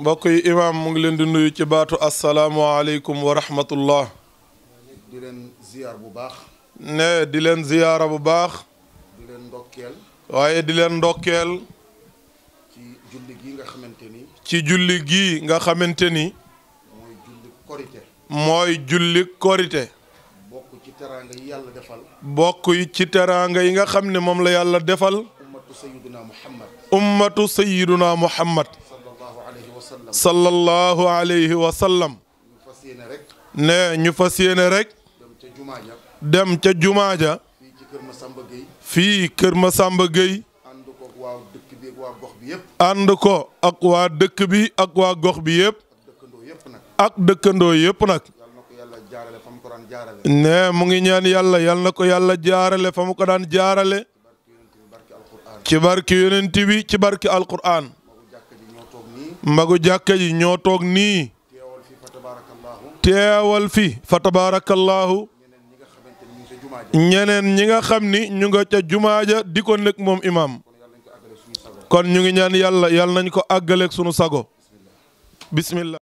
mbokk yi imaam mu ngi leen di nuyu ci baatu asalaamualeykum wa rahmatullah di leen ziyaar bu baax di leen ziyaara bu baax di waaye di leen ndokkeel ci julli gi nga xamante ni ci julli gi nga xamante ni mooy julli korite bokk ci teraanga yi yàlla defal ci teraanga yi nga xam ne moom la yàlla defal ummatu ummatu sayyiduna muhammad sallallahu alayhi wa sallam ne ñu fas yéene rek dem ca jumaaja fii kër Masamba Gueye ànd ko ak waa dëkk bi ak waa gox bi yëpp ak dëkkandoo yëpp nag ne mu ngi ñaan yàlla yal ko yàlla jaarale fa mu ko daan jaarale ci barki yonent bi ci barke alquran magu jàkka ji ñoo toog nii teewal fi fa tabaarakallaahu ñeneen ñi nga xam ni ñu nga ca jumaaja di ko nekk moom imaam kon ñu ngi ñaan yàlla yàlla nañ ko àggaleeg sunu sago bismillah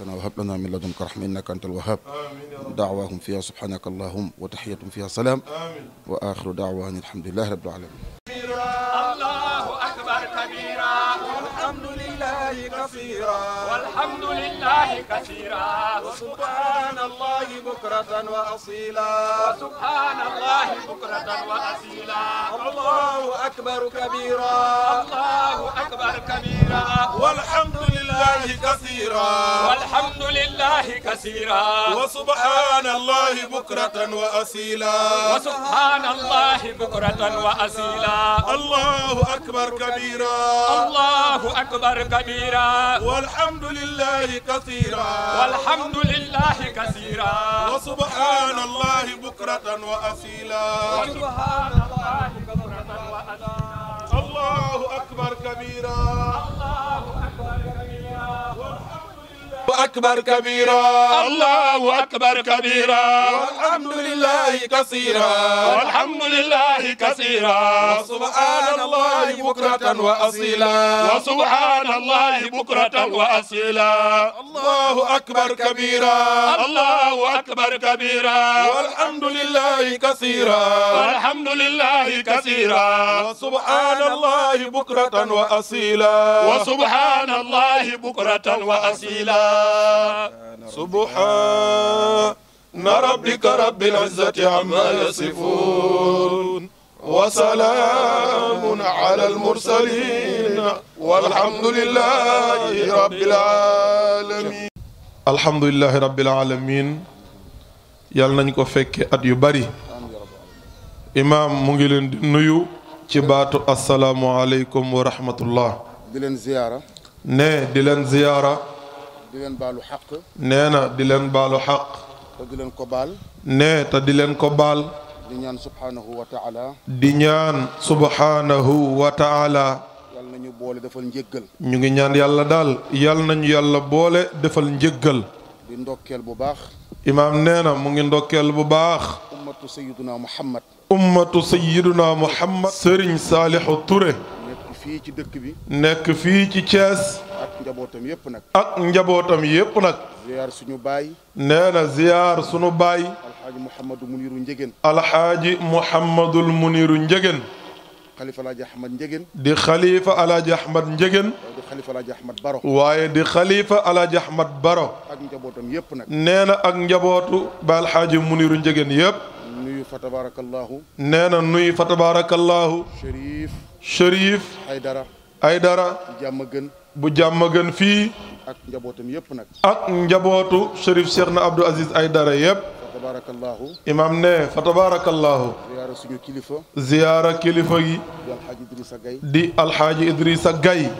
ربنا وهب لنا من لدنك رحمة إنك أنت الوهاب دعواهم فيها سبحانك اللهم وتحيتهم فيها سلام آمين. وآخر دعوة أن الحمد لله رب العالمين الله أكبر كبيرا والحمد لله كثيرا والحمد لله كثيرا وسبحان الله بكرة وأصيلا وسبحان الله بكرة وأصيلا الله أكبر كبيرا الله أكبر كبيرا والحمد لله كثيرا الحمد لله كثيرا وسبحان الله بكرة وأصيلا وسبحان الله بكرة وأصيلا الله أكبر كبيرا الله أكبر كبيرا والحمد لله كثيرا والحمد لله كثيرا وسبحان الله بكرة وأصيلا وسبحان الله بكرة وأصيلا الله أكبر كبيرا أكبر كبيرا الله أكبر كبيرا والحمد لله كثيرا والحمد لله كثيرا وسبحان الله بكرة وأصيلا وسبحان الله بكرة وأصيلا الله أكبر كبيرا الله أكبر كبيرا والحمد لله كثيرا والحمد لله كثيرا وسبحان الله بكرة وأصيلا وسبحان الله بكرة وأصيلا سبحان ربك رب العزة عما يصفون وسلام على المرسلين والحمد لله رب العالمين الحمد لله رب العالمين يالنا نكو فك اديو باري امام مونغيلن نيو تي السلام عليكم ورحمه الله دي زياره ني دي زياره di leen baalu xaq. nee na di leen baalu xaq. te di leen ko baal. nee te di leen ko baal. di ñaan subhaanahu wa taala. di ñaan subhaanahu wa taala. yàlla nañu boole defal njëggal. ñu ngi ñaan yàlla daal yàlla nañu yàlla boole defal njëggal. di ndokkeel bu baax. imaam nee mu ngi ndokkeel bu baax. ummatu sayyiduna muhammad. ummatu sayyiduna muhammad. Serigne salih Touré. nekk fii ci dëkk bi. nekk fii ci Thiès. njabotam yep nak nag. ak njabootam yépp nag. ziyaar suñu baay. neena ziar suñu baay. alxaaji Mouhamadou Muniru Njegen. alxaaji Mouhamadul Muniru Njegen. xalifa alaaji Ahmad Njegen. di xalifa alaaji Ahmad Njegen. di xalifa alaaji Ahmad Baro. di Ahmad Baro. ak ak ba Muniru Njegen nuyu fa nuyu fa bu jàmm gën fii. ak yëpp nag. ak njabootu Cherif Cheikh na Abdou Aziz Aydara yëpp. Fatabaarakallaahu. imaam ne Fatabaarakallaahu. ziyaara suñu kilifa. ziyaara kilifa gi. di alxaaji Idrissa Gay. Gay.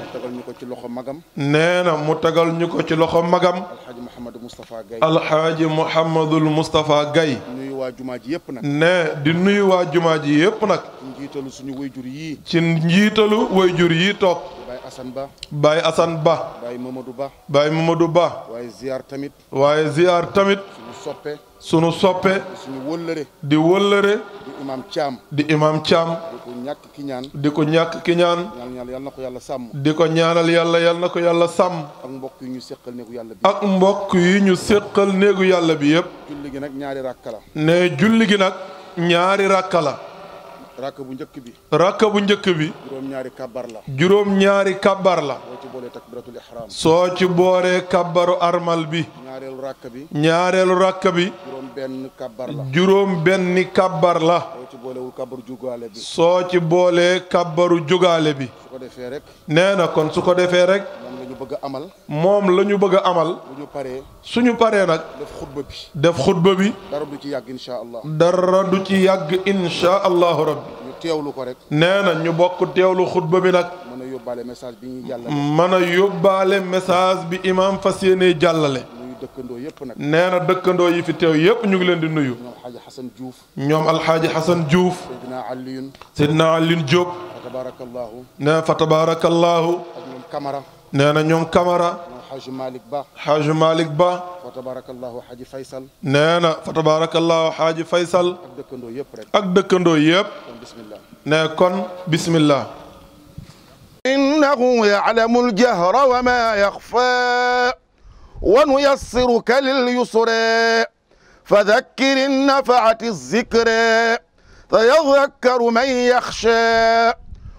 ko ci loxo magam. nee na mu tagal ñu ko ci loxo magam. alxaaji Mouhamadou Moustapha Gay. alxaaji Mouhamadul Moustapha Gay. di waa jumaa ji yëpp nee di nuyu waa jumaa ji yëpp nag. ci njiitalu suñu wayjur yii. toog. Assane Ba. Baye Assane Ba. Baye Mamadou Ba. Baye Mamadou Ba. waaye ziar tamit. waaye ziar tamit. sunu soppe. sunu soppe. sunu wëllëre. di wëllëre. di imam Thiam. di imam Thiam. di ko ñàkk ki ñaan. di ko ñàkk ki ñaan. ñaanal yàlla na ko yàlla sàmm. di ko ñaanal yàlla yàlla na ko yàlla sàmm. ak mbokk yi ñu seqal néegu yàlla bi. ak mbokk yi ñu seqal néegu yàlla bi yëpp. julli gi nag ñaari rakka rakk bu njëkk bi. rakk bu njëkk bi. juróom-ñaari kabbar la. juróom-ñaari kabbar la. soo ci boolee takbiratul ihram. soo ci booree kabbaru armal bi. ñaareelu rakk bi. ñaareelu rakk bi. juróom-benn kabbar la. juróom-benni kabbar la. soo ci booleewul kabbaru jugaale bi. soo ci boolee kabbaru jugaale bi. su nee na kon su ko defee rek. bëgg a amal. moom la bëgg amal. bu ñu suñu paré nak def khutba bi. def khutba bi. dara du ci yag insha allah. dara du ci yag incha allahu rabbi. ñu teewlu ko rek. nee ñu bokk teewlu xutba bi nag. mën a message bi ñuy jàllale. mën a message bi imaam fas jàllale. dëkkandoo yëpp yi fi tew yep ñu ngi leen di nuyu. ñom Alxaaji Xasan Diouf. ñoom Alxaaji Xasan Diouf. Seydina Alioune. Seydina Diop. na fa tabarakallah ñoom نانا نيوم كامارا حاج مالك با حاج مالك با فتبارك الله حاج فيصل نانا فتبارك الله حاج فيصل اك دكندو ييب بسم الله نكون بسم الله انه يعلم الجهر وما يخفى ونيسرك لليسر فذكر ان نفعت الذكر فيذكر من يخشى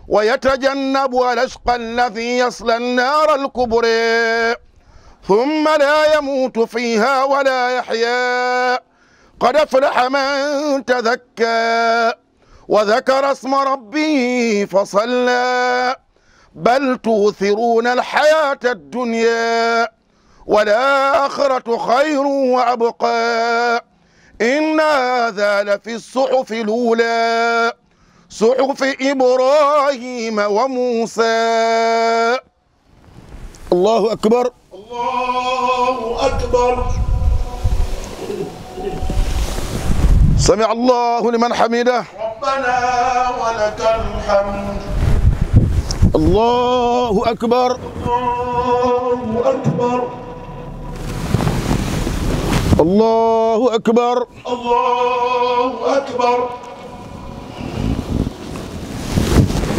ويتجنبها الأشقى الذي يصلى النار الكبرى ثم لا يموت فيها ولا يحيا قد أفلح من تذكى وذكر اسم ربه فصلى بل تؤثرون الحياة الدنيا والآخرة خير وأبقى إن هذا لفي الصحف الأولى صحف إبراهيم وموسى الله أكبر الله أكبر سمع الله لمن حمده ربنا ولك الحمد الله أكبر الله أكبر الله أكبر الله أكبر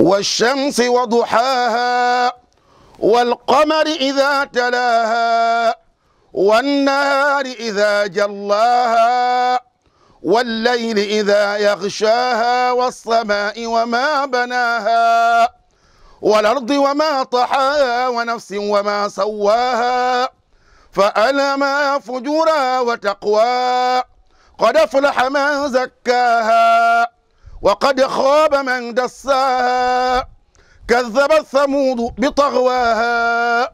والشمس وضحاها والقمر إذا تلاها والنهار إذا جلاها والليل إذا يغشاها والسماء وما بناها والأرض وما طحاها ونفس وما سواها فألما فجورا وتقوى قد أفلح من زكاها وقد خاب من دساها كذبت ثمود بطغواها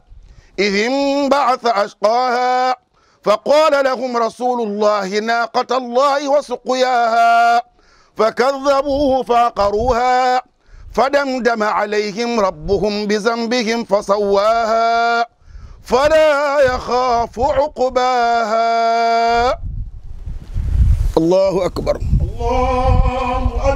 إذ انبعث أشقاها فقال لهم رسول الله ناقة الله وسقياها فكذبوه فعقروها فدمدم عليهم ربهم بذنبهم فسواها فلا يخاف عقباها الله أكبر الله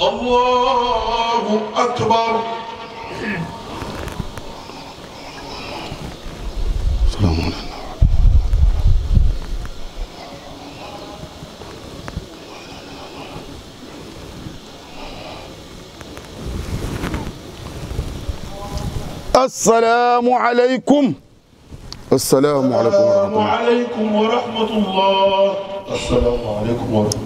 الله أكبر السلام عليكم السلام عليكم السلام عليكم ورحمة الله السلام عليكم ورحمة الله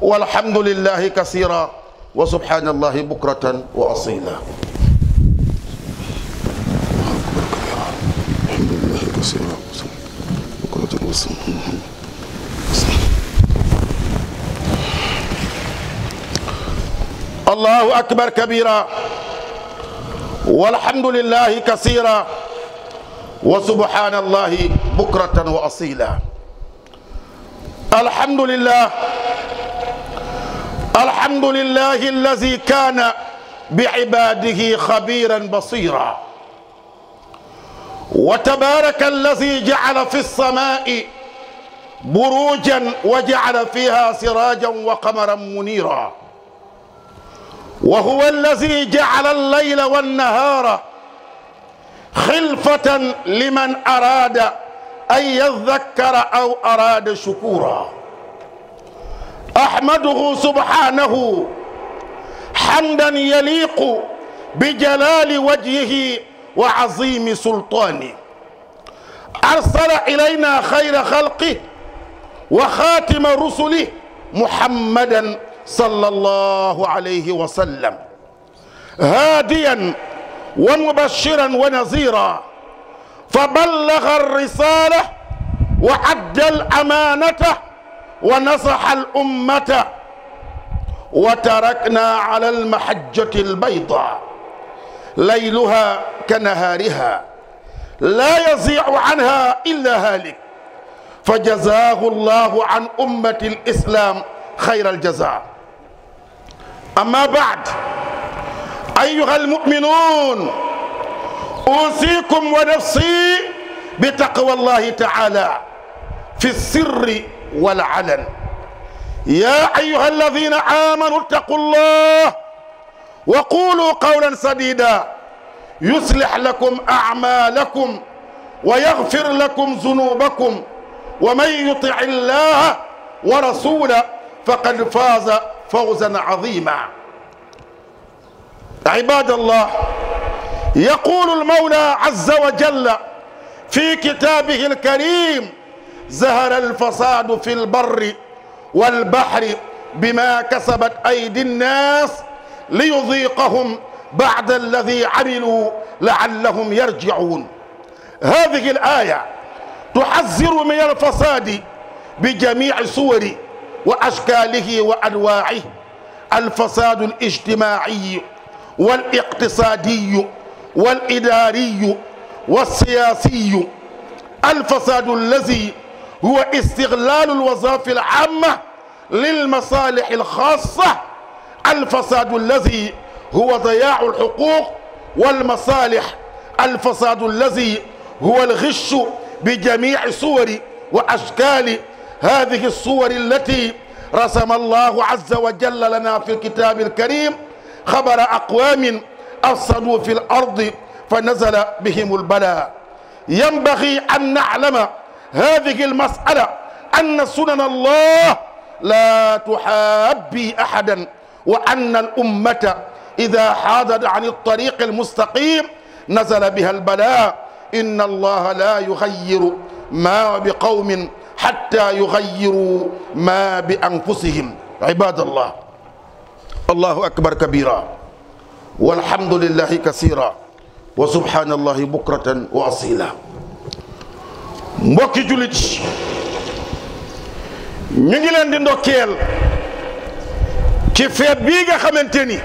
والحمد لله كثيرا وسبحان الله بكرة وأصيلا الحمد لله كثيرا بكرة وأصيلا الله أكبر كبيرا والحمد لله كثيرا وسبحان الله بكرة وأصيلا الحمد لله الحمد لله الذي كان بعباده خبيرا بصيرا وتبارك الذي جعل في السماء بروجا وجعل فيها سراجا وقمرا منيرا وهو الذي جعل الليل والنهار خلفة لمن أراد أن يذكر أو أراد شكورا أحمده سبحانه حمدا يليق بجلال وجهه وعظيم سلطانه أرسل إلينا خير خلقه وخاتم رسله محمدا صلى الله عليه وسلم هاديا ومبشرا ونذيرا فبلغ الرسالة وعد الأمانة ونصح الأمة وتركنا على المحجة البيضاء ليلها كنهارها لا يزيع عنها إلا هالك فجزاه الله عن أمة الإسلام خير الجزاء أما بعد أيها المؤمنون أوصيكم ونفسي بتقوى الله تعالى في السر والعلن يا أيها الذين آمنوا اتقوا الله وقولوا قولا سديدا يصلح لكم أعمالكم ويغفر لكم ذنوبكم ومن يطع الله ورسوله فقد فاز فوزا عظيما عباد الله يقول المولى عز وجل في كتابه الكريم ظهر الفساد في البر والبحر بما كسبت أيدي الناس ليذيقهم بعد الذي عملوا لعلهم يرجعون هذه الآية تحذر من الفساد بجميع صوره وأشكاله وأنواعه الفساد الاجتماعي والاقتصادي والإداري والسياسي الفساد الذي هو استغلال الوظائف العامة للمصالح الخاصة الفساد الذي هو ضياع الحقوق والمصالح الفساد الذي هو الغش بجميع صور وأشكال هذه الصور التي رسم الله عز وجل لنا في الكتاب الكريم خبر أقوام أفسدوا في الأرض فنزل بهم البلاء ينبغي أن نعلم هذه المسألة أن سنن الله لا تحابي أحدا وأن الأمة إذا حادت عن الطريق المستقيم نزل بها البلاء إن الله لا يغير ما بقوم حتى يغيروا ما بأنفسهم عباد الله الله أكبر كبيرا والحمد لله كثيرا وسبحان الله بكرة وأصيلا mbokki julit ñu ngi leen di ndokkel ci fet bi nga xamanteni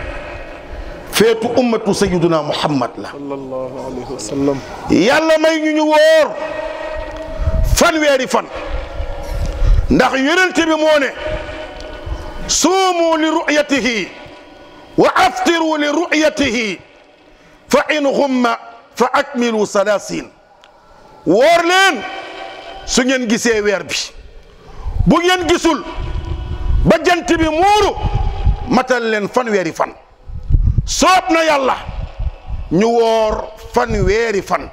fetu ummatu sayyiduna muhammad la sallallahu alayhi wasallam yàlla may ñu ñu wor fan wéri fan ndax yonente bi mo ne sumu li ru'yatihi wa aftiru li ru'yatihi fa in ghumma fa akmilu salasin wor len su ngeen gisee weer bi bu ngeen gisul ba jant bi muuru matal leen weeri fan soob na yàlla ñu woor fanweeri fan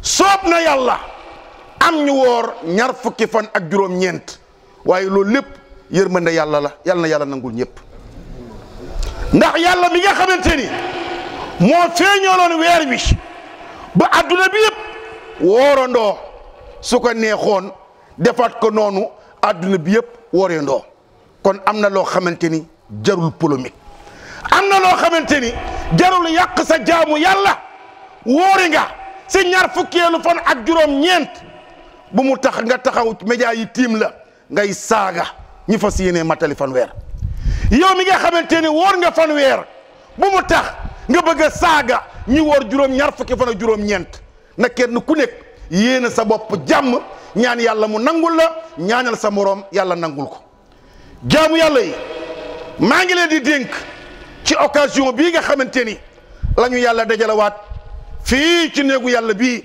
soob na yàlla am ñu woor ñaar fukki fan ak juróom-ñeent waaye loolu lépp yërmande yàlla la yàlla na yàlla nangul ñëpp ndax yàlla mi nga xamante ni moo feeñooloon weer wi ba adduna bi yëpp woorandoo su ko neexoon defaat ko noonu àdduna bi yëpp waree ndoo kon am na loo xamante ni jarul polémique am na loo xamante ni jarul yàq sa jaamu yàlla wóori nga si ñaar fukkeelu fan ak juróom-ñeent bu mu tax nga taxaw média yi tiim la ngay saaga ñi fas yéenee matali weer yow mi nga xamante ni wóor nga fanweer bu mu tax nga bëgg a saaga ñi wor juróom-ñaar fukki fan ak juróom-ñeent na kenn ku nekk. yéene sa bopp jàmm ñaan yàlla mu nangul la ñaanal sa moroom yàlla nangul ko jaamu yàlla yi maa ngi leen di dénk ci occasion bi nga xamante ni la yàlla dajalewaat fii ci néegu yàlla bi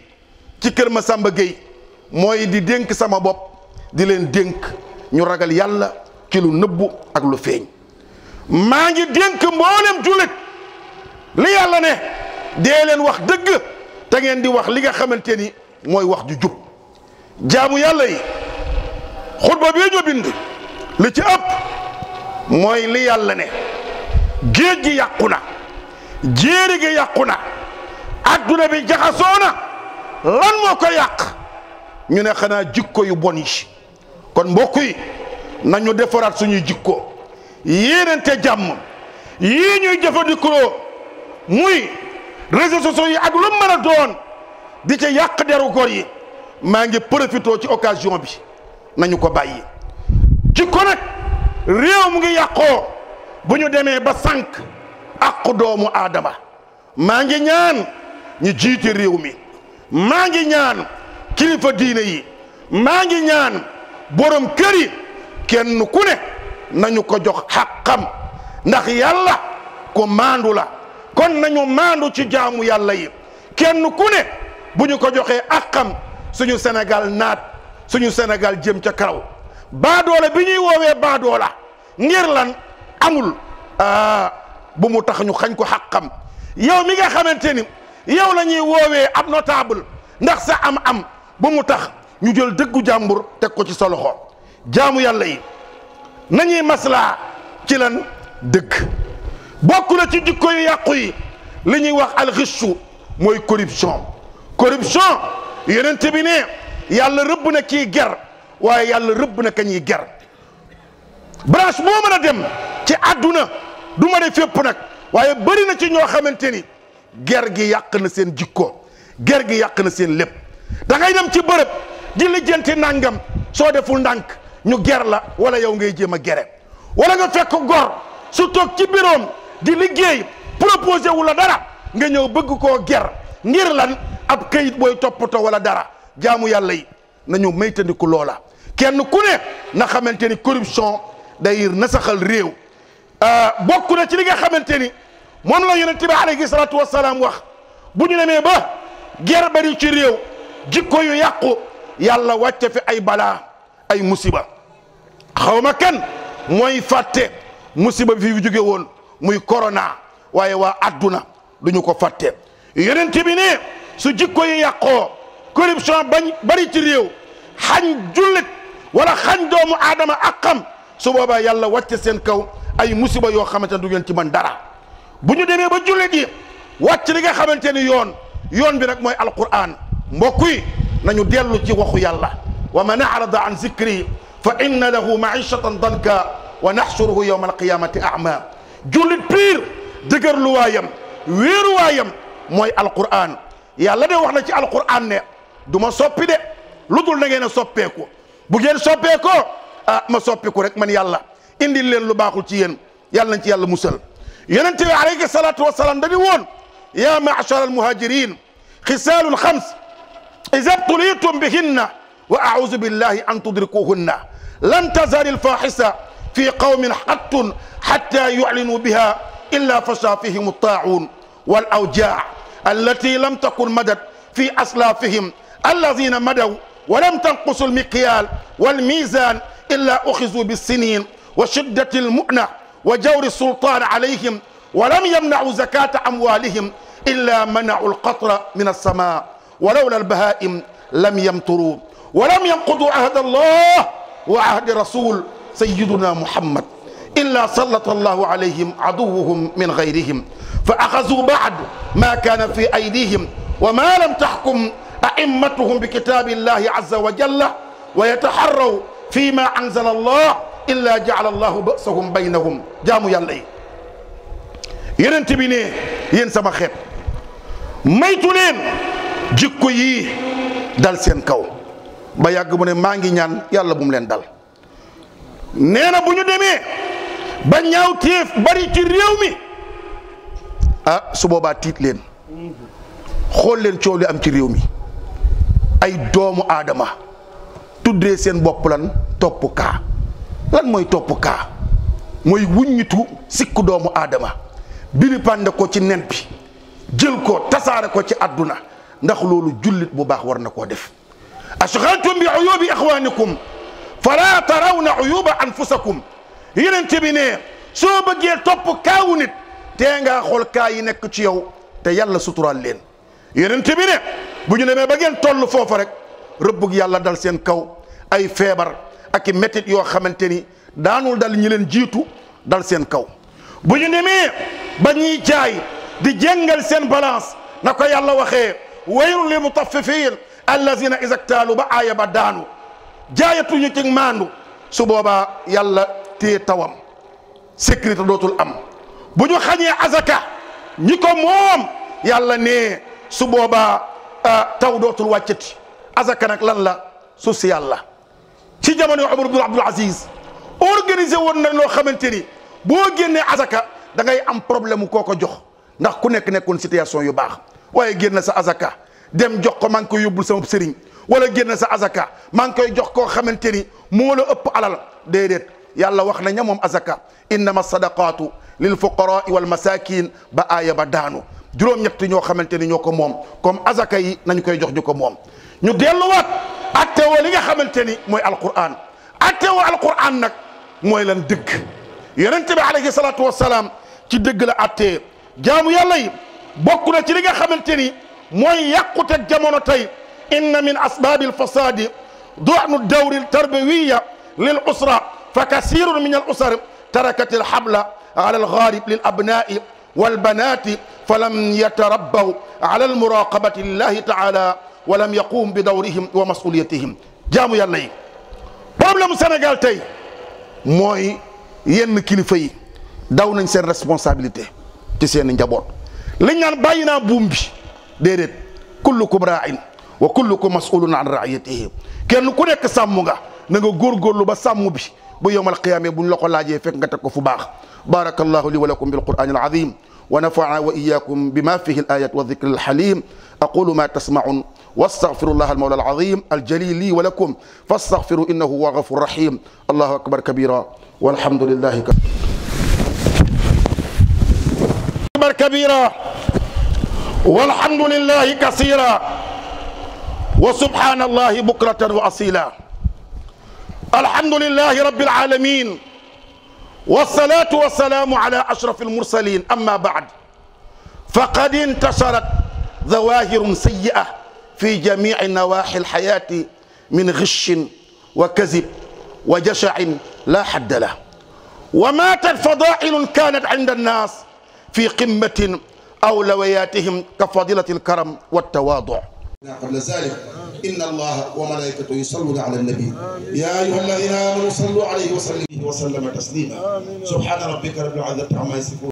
ci kër sàmba géy mooy di dénk sama bopp di leen dénk ñu ragal yàlla ci lu nëbbu ak lu feeñ maa ngi dénk mboolem jullit li yàlla ne dee leen wax dëgg te ngeen di wax li nga xamante ni mooy wax ju jub jaamu yàlla yi xutba bi ñu bind li ci ëpp mooy li yàlla ne géej gi yàqu na jéeri gi yàqu na adduna bi jaxasoo na lan moo ko yàq ñu ne xanaa jikko yu bon yi kon mbokk yi nañu defaraat suñuy jikko yéenante jàmm yii ñuy jëfandikoo muy réseaux sociaux yi ak mën a doon di ci yàq deru góor yi maa ngi profité ci occasion bi nañu ko bàyyi ci ko nag réew mu ngi yàqoo bu ñu demee ba sànq àqu doomu aadama maa ngi ñaan ñu jiite réew mi maa ngi ñaan kilifa diine yi maa ngi ñaan borom kër yi kenn ku ne nañu ko jox xàqam ndax yàlla ko maandu la kon nañu maandu ci jaamu yàlla yi kenn ku ne bu ñu ko joxee ak xam suñu Sénégal naat suñu Sénégal jëm ca karaw baadoole bi ñuy woowee baadoola ngir lan amul ah, bu mu tax ñu xañ ko xaq xam yow mi nga xamante ni yow lañuy woowee ab notable ndax sa am-am bu mu tax ñu jël dëggu jàmbur teg ko ci sa loxo jaamu yàlla yi nañuy maslaa ci lan dëgg bokk na ci jikko yu yàqu yi li ñuy wax alxichu mooy corruption. corruption yonent bi ne yàlla rëbb na kii ger waaye yàlla rëbb na kañuy ger branche moo mën a dem ci àdduna du ma ne fépp nag waaye bëri na ci ñoo xamante ni ger gi yàq na seen jikko ger gi yàq na seen lépp da ngay dem ci bërëb di lijjanti nàngam soo deful ndànk ñu ger la wala yow ngay jéem a gere wala nga fekk gor su toog ci biroom di liggéey proposé wulla dara nga ñëw bëgg koo ger ngir la ab kayit booy toppatoo wala dara jaamu yàlla yi nañu maytandiku loola kenn ku ne na xamante ni corruption day nasaxal réew euh, bokku na ci li nga xamante ni moom la yonent bi alayhi salaatu wasalaam wax bu ñu demee ba ger bari ci réew jikko yu yàqu yàlla wàcce fi ay balaa ay musiba xawma kenn mooy fàtte musiba bi fi jóge woon muy corona waaye waa adduna du ñu ko fàtte yonent bi su jikko yi yàqoo corruption bañ bari ci réew xañ jullit wala xañ doomu aadama ak su boobaa yàlla wàcce seen kaw ay musiba yoo xamante ne du ngeen ci mën dara bu ñu demee ba jullit yi wàcc li nga xamante ni yoon yoon bi nag mooy alquran mbokk yi nañu dellu ci waxu yàlla wa man arada an zikri fa inna lahu maishatan danka wa naxsuruhu yowma alqiyamati ama jullit piir dëgër luwaayam wéeruwaayam mooy alquran yàlla de waxna ci alquran ne duma soppi de ludul na ngeen a soppeeku bu ngeen soppeekoo ah ma soppiku rek man yàlla indi len lu baxul ci yéen yàlla nañ ci yàlla musal yonente bi alayhi salatu wassalam dañu won ya ma'shar almuhajirin khisal khams ida btulitum bihinna wa a'uudu billahi an tudrikuhunna lan tazali alfaxisa fi qawmin xattun xatta yuclinuu biha illa fasha fihim والاوجاع التي لم تكن مدت في أسلافهم الذين مدوا ولم تنقصوا المقيال والميزان إلا أخذوا بالسنين وشدة المؤنة وجور السلطان عليهم ولم يمنعوا زكاة أموالهم إلا منعوا القطر من السماء ولولا البهائم لم يمطروا ولم ينقضوا عهد الله وعهد رسول سيدنا محمد إلا سلط الله عليهم عدوهم من غيرهم فأخذوا بعد ما كان في أيديهم وما لم تحكم أئمتهم بكتاب الله عز وجل ويتحروا فيما أنزل الله إلا جعل الله بأسهم بينهم جاموا يلي يرنت بني ينسى مخيب ميتولين جكوي دال سينكو بياغ بني مانغي نان يالا بوم لين دال نينا بونيو ديمي با نياو تيف بري تي a ah, su boobaa tiit leen xool leen coow lu am ci réew mi ay doomu aadama tuddee seen bopp lan topp kaa lan mooy topp kaa mooy wuññitu sikku doomu aadama bilipande ko ci nen jël ko tasaare ko ci àdduna ndax loolu jullit bu baax war na koo def ashghaltum bi uyubi ixwanikum fala tarawna uyuba anfusakum yeneen bi soo bëggee topp kaawu nit tenga xol ka yi nek ci yow te yàlla suturaal leen yeneen bi ne bu ñu neme ba gën tollu fofu rek rëbbug yàlla dal sen kaw ay febar ak métit yo xamanteni daanul dal ñi len jitu dal sen kaw bu ñu neme ba ñi jaay di jëngal sen balance nako yàlla waxe wayru lil mutaffifin allazina iza ba aaya badanu jaayatu ñu ci mandu su boba yàlla téye tawam sécurité dotul am bu ñu xañee azaka ñi ko moom yàlla ne su boobaa ah, taw dootul wàccati azaka nag lan la suuf si yàlla ci jamono Omar ibn Abdul Aziz woon na loo xamante ni boo génnee azaka da ngay am problème mu koo ko jox ndax ku nekk nekkoon situation yu baax waaye génn sa azaka dem jox ko maa ngi koy yóbbul sama sëriñ wala génn sa azaka maa ngi koy jox koo xamante ni moo la ëpp alal déedéet. يلا وخنا نيموم ازكا انما الصدقات للفقراء والمساكين بايا بدانو جروم نيت ньо خامتيني ньо موم كوم ازكا يي نانكاي جوخ جوكو موم ني ديلو وات اتيو ليغا خامتيني موي القران اتيو القران نك موي لان دك يونتبي عليه الصلاه والسلام تي دك لا اتي جام يلا يي تي ليغا خامتيني موي يقوت جامونو تاي ان من اسباب الفساد ضعن الدور التربويه للاسره فكثير من الأسر تركت الحبل على الغارب للأبناء والبنات فلم يتربوا على المراقبة لله تعالى ولم يقوم بدورهم ومسؤوليتهم جامو يا الله بروبليم السنغال تاي موي ين كليفاي داو نان سين ريسبونسابيلتي تي سين نجابور لي نان باينا بومبي ديدت كلكم راع وكلكم مسؤول عن رعيته كين كو نيك سامغا نغا غورغولو با سامو bu yowmal qiyaamee buñ la ko laajee fekk nga teg ko fu baax barakallahu li wa lakum bil qur'aanil aziim wa nafa'ana wa iyyakum bima fihi al ayat wa dhikril halim aqulu ma tasma'un واستغفر الله المولى العظيم الجليل لي ولكم فاستغفروا انه هو غفور رحيم الله اكبر كبيرا والحمد لله اكبر كبيرا والحمد لله كثيرا وسبحان الله بكره واصيلا الحمد لله رب العالمين والصلاة والسلام على أشرف المرسلين أما بعد فقد انتشرت ظواهر سيئة في جميع نواحي الحياة من غش وكذب وجشع لا حد له وماتت فضائل كانت عند الناس في قمة أولوياتهم كفضيلة الكرم والتواضع قبل ذلك إن الله وملائكته يصلون على النبي يا أيها الذين آمنوا صلوا عليه وسلم وسلم تسليما سبحان ربك رب العزة عما يصفون